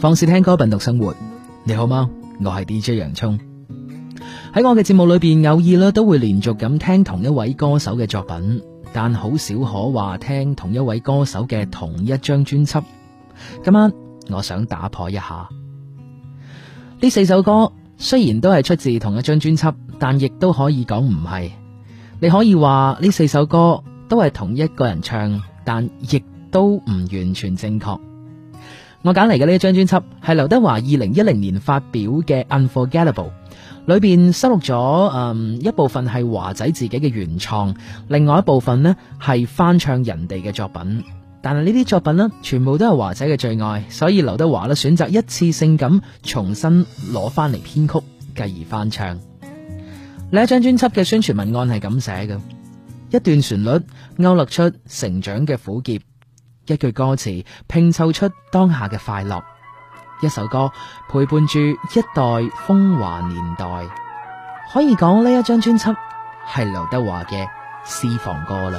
放肆聽歌，品讀生活，你好嗎？我係 DJ 洋蔥。喺我嘅節目裏邊，偶爾都會連續咁聽同一位歌手嘅作品，但好少可話聽同一位歌手嘅同一張專輯。今晚我想打破一下，呢四首歌雖然都係出自同一張專輯，但亦都可以講唔係。你可以話呢四首歌都係同一個人唱，但亦都唔完全正確。我揀嚟嘅呢一張專輯係劉德華二零一零年發表嘅 Unforgettable，裏邊收錄咗，嗯，一部分係華仔自己嘅原創，另外一部分呢係翻唱人哋嘅作品。但係呢啲作品呢，全部都係華仔嘅最愛，所以劉德華呢選擇一次性咁重新攞返嚟編曲，繼而翻唱。呢一張專輯嘅宣傳文案係咁寫嘅：一段旋律勾勒出成長嘅苦澀。一句歌詞拼湊出當下嘅快樂，一首歌陪伴住一代風華年代，可以講呢一張專輯係劉德華嘅私房歌啦。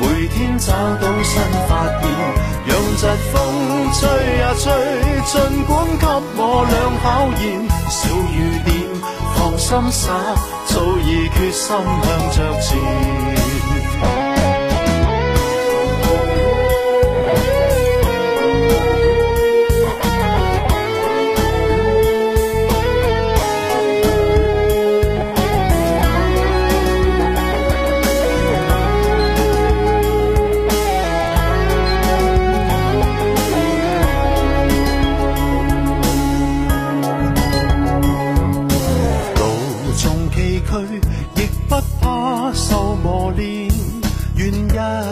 每天找到新發現，讓疾風吹呀吹，盡管給我倆考驗。小雨點放心灑，早已決心向着前。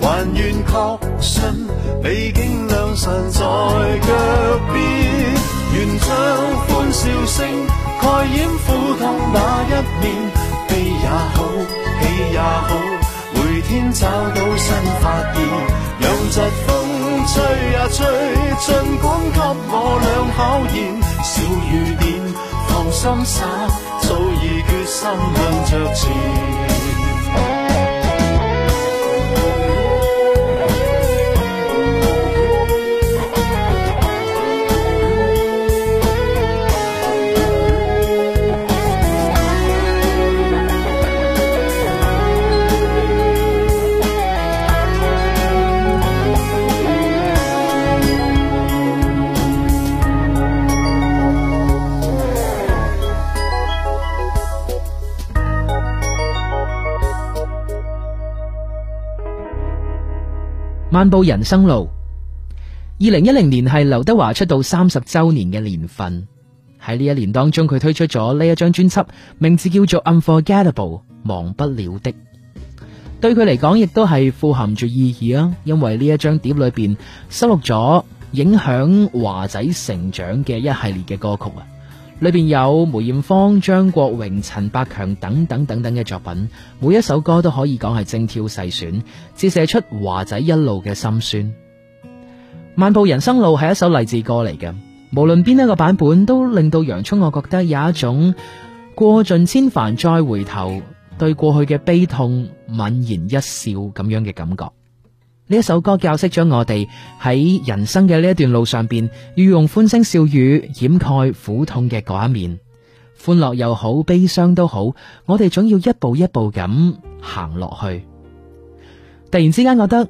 還願確信，美景良辰在腳邊，願將歡笑聲蓋掩苦痛那一面，悲也好，喜也好，每天找到新發現。讓疾風吹呀、啊、吹，盡管給我兩考驗，小雨點放心灑，早已決心向着前。漫步人生路，二零一零年係劉德華出道三十周年嘅年份。喺呢一年當中，佢推出咗呢一張專輯，名字叫做《Unforgettable》，忘不了的。對佢嚟講，亦都係富含住意義啊，因為呢一張碟裏邊收錄咗影響華仔成長嘅一系列嘅歌曲啊。裏邊有梅艷芳、張國榮、陳百強等等等等嘅作品，每一首歌都可以講係精挑細選，折射出華仔一路嘅心酸。《漫步人生路》係一首勵志歌嚟嘅，無論邊一個版本都令到楊聰我覺得有一種過盡千帆再回頭，對過去嘅悲痛泯然一笑咁樣嘅感覺。呢一首歌教識咗我哋喺人生嘅呢一段路上邊，要用歡聲笑語掩蓋苦痛嘅嗰一面，歡樂又好，悲傷都好，我哋總要一步一步咁行落去。突然之間覺得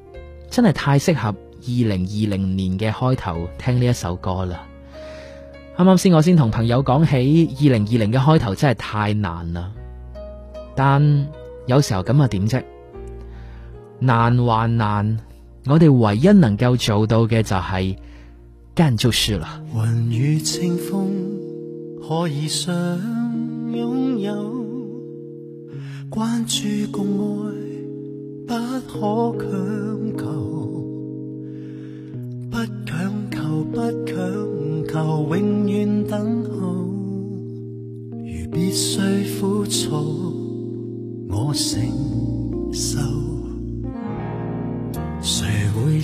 真係太適合二零二零年嘅開頭聽呢一首歌啦。啱啱先我先同朋友講起，二零二零嘅開頭真係太難啦。但有時候咁啊點啫？難還難，我哋唯一能夠做到嘅就係、是、堅持啦。魂與清風何以想擁有關注，共愛不可強求，不強求，不強求，永遠等候，如必須苦楚我承受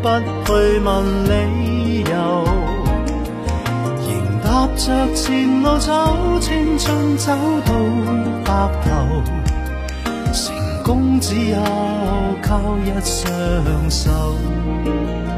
不去問理由，仍踏着前路走，青春走到白頭，成功只有靠一雙手。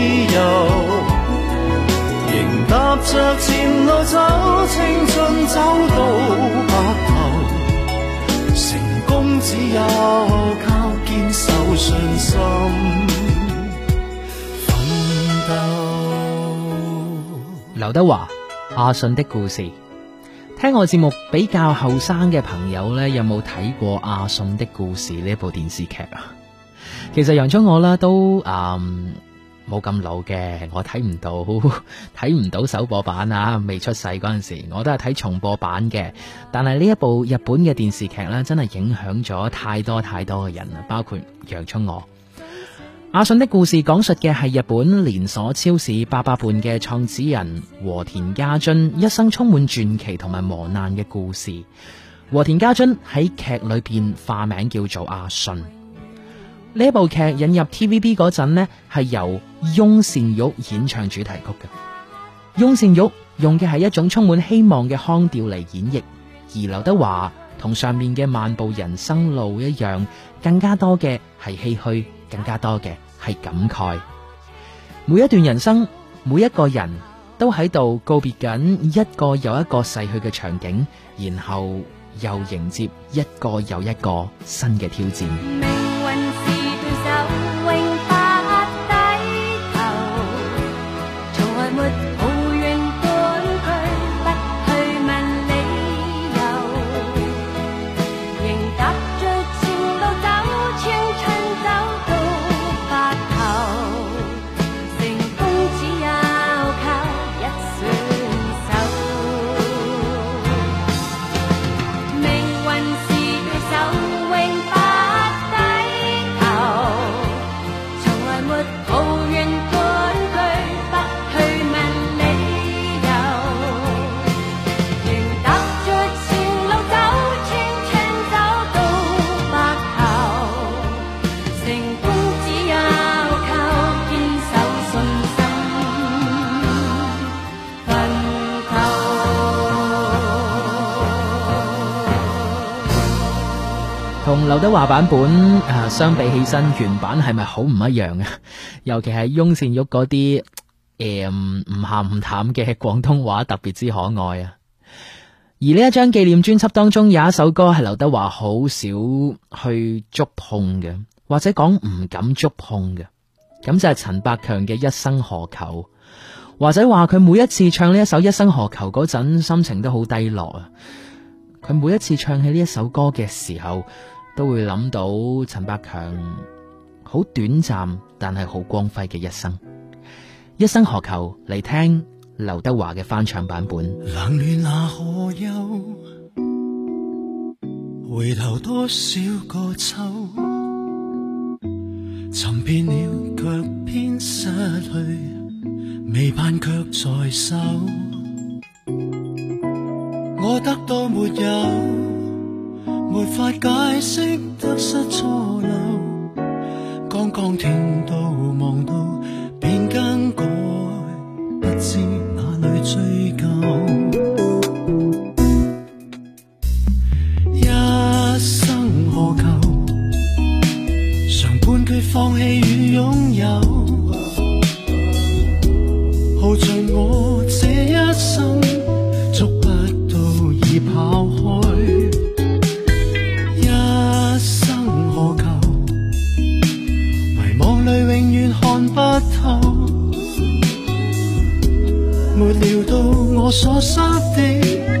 仍踏着前路走，青春走到白頭。成功只有靠堅守信心奮鬥。劉德華阿信的故事，聽我節目比較後生嘅朋友咧，有冇睇過阿信的故事呢？這部電視劇啊，其實楊聰我啦，都啊。嗯冇咁老嘅，我睇唔到，睇 唔到首播版啊！未出世嗰陣時，我都係睇重播版嘅。但係呢一部日本嘅電視劇咧，真係影響咗太多太多嘅人啦，包括楊春娥、阿信的故事，講述嘅係日本連鎖超市八佰伴嘅創始人和田家津一生充滿傳奇同埋磨難嘅故事。和田家津喺劇裏邊化名叫做阿信。呢一部劇引入 TVB 嗰陣呢係由翁倩玉演唱主題曲嘅。翁倩玉用嘅係一種充滿希望嘅腔調嚟演繹，而劉德華同上面嘅《漫步人生路》一樣，更加多嘅係唏噓，更加多嘅係感慨。每一段人生，每一個人都喺度告別緊一個又一個逝去嘅場景，然後又迎接一個又一個新嘅挑戰。劉德華版本誒、啊，相比起身原版係咪好唔一樣啊？尤其係翁倩玉嗰啲誒唔唔咸唔淡嘅廣東話特別之可愛啊。而呢一張紀念專輯當中有一首歌係劉德華好少去觸碰嘅，或者講唔敢觸碰嘅，咁就係陳百強嘅《一生何求》。華仔話佢每一次唱呢一首《一生何求》嗰陣，心情都好低落啊。佢每一次唱起呢一首歌嘅時候，都會諗到陳百強好短暫但係好光輝嘅一生，一生何求，嚟聽劉德華嘅翻唱版本。冷暖那可休？回頭多少個秋？尋遍了卻偏失去，未盼卻在手。我得到沒有？沒法解釋得失錯漏，剛剛聽到望到。沒料到我所失的。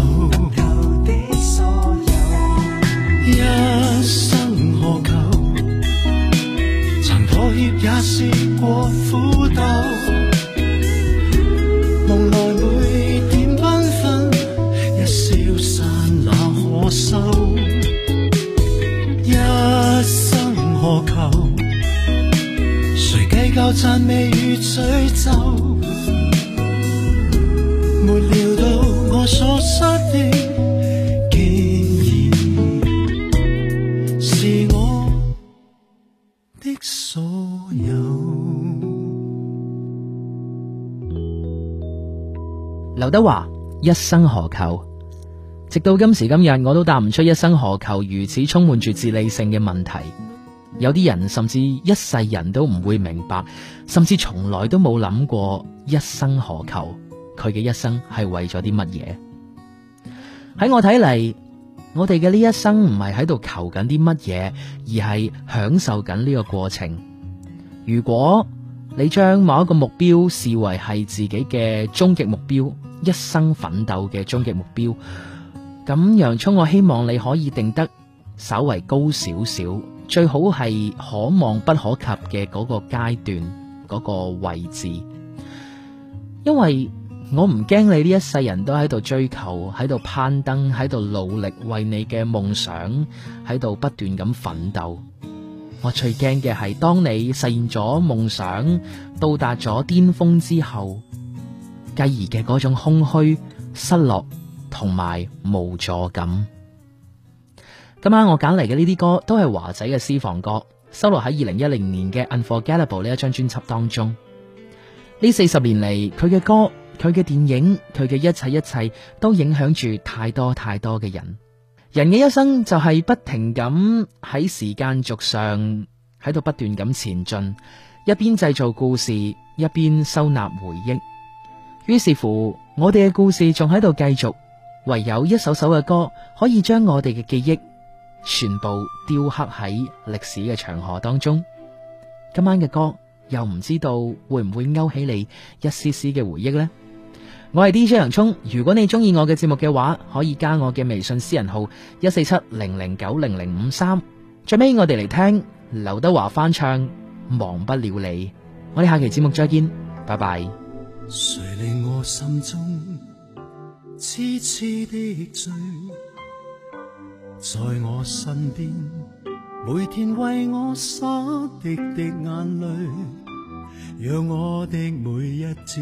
德華一生何求，直到今時今日，我都答唔出一生何求，如此充滿住哲理性嘅問題。有啲人甚至一世人都唔會明白，甚至從來都冇諗過一生何求，佢嘅一生係為咗啲乜嘢。喺我睇嚟，我哋嘅呢一生唔係喺度求緊啲乜嘢，而係享受緊呢個過程。如果你將某一個目標視為係自己嘅終極目標，一生奮鬥嘅終極目標。咁洋葱，我希望你可以定得稍為高少少，最好係可望不可及嘅嗰個階段，嗰個位置。因為我唔驚你呢一世人都喺度追求，喺度攀登，喺度努力為你嘅夢想喺度不斷咁奮鬥。我最驚嘅係，當你實現咗夢想，到達咗巔峰之後，繼而嘅嗰種空虛、失落同埋無助感。今晚我揀嚟嘅呢啲歌，都係華仔嘅私房歌，收錄喺二零一零年嘅《Unforgettable》呢一張專輯當中。呢四十年嚟，佢嘅歌、佢嘅電影、佢嘅一切一切，都影響住太多太多嘅人。人嘅一生就係不停咁喺時間軸上喺度不斷咁前進，一邊製造故事，一邊收納回憶。於是乎，我哋嘅故事仲喺度繼續，唯有一首首嘅歌可以將我哋嘅記憶全部雕刻喺歷史嘅長河當中。今晚嘅歌又唔知道會唔會勾起你一絲絲嘅回憶呢？我係 DJ 洋蔥，如果你中意我嘅節目嘅話，可以加我嘅微信私人號1470090053。最尾我哋嚟聽劉德華翻唱忘不了你，我哋下期節目再見，拜拜。誰令我心中痴痴的醉，在我身邊，每天為我灑滴滴眼淚，讓我的每一次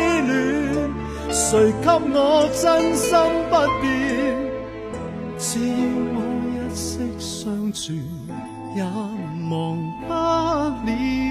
誰給我真心不變？只要我一息尚存，也忘不了。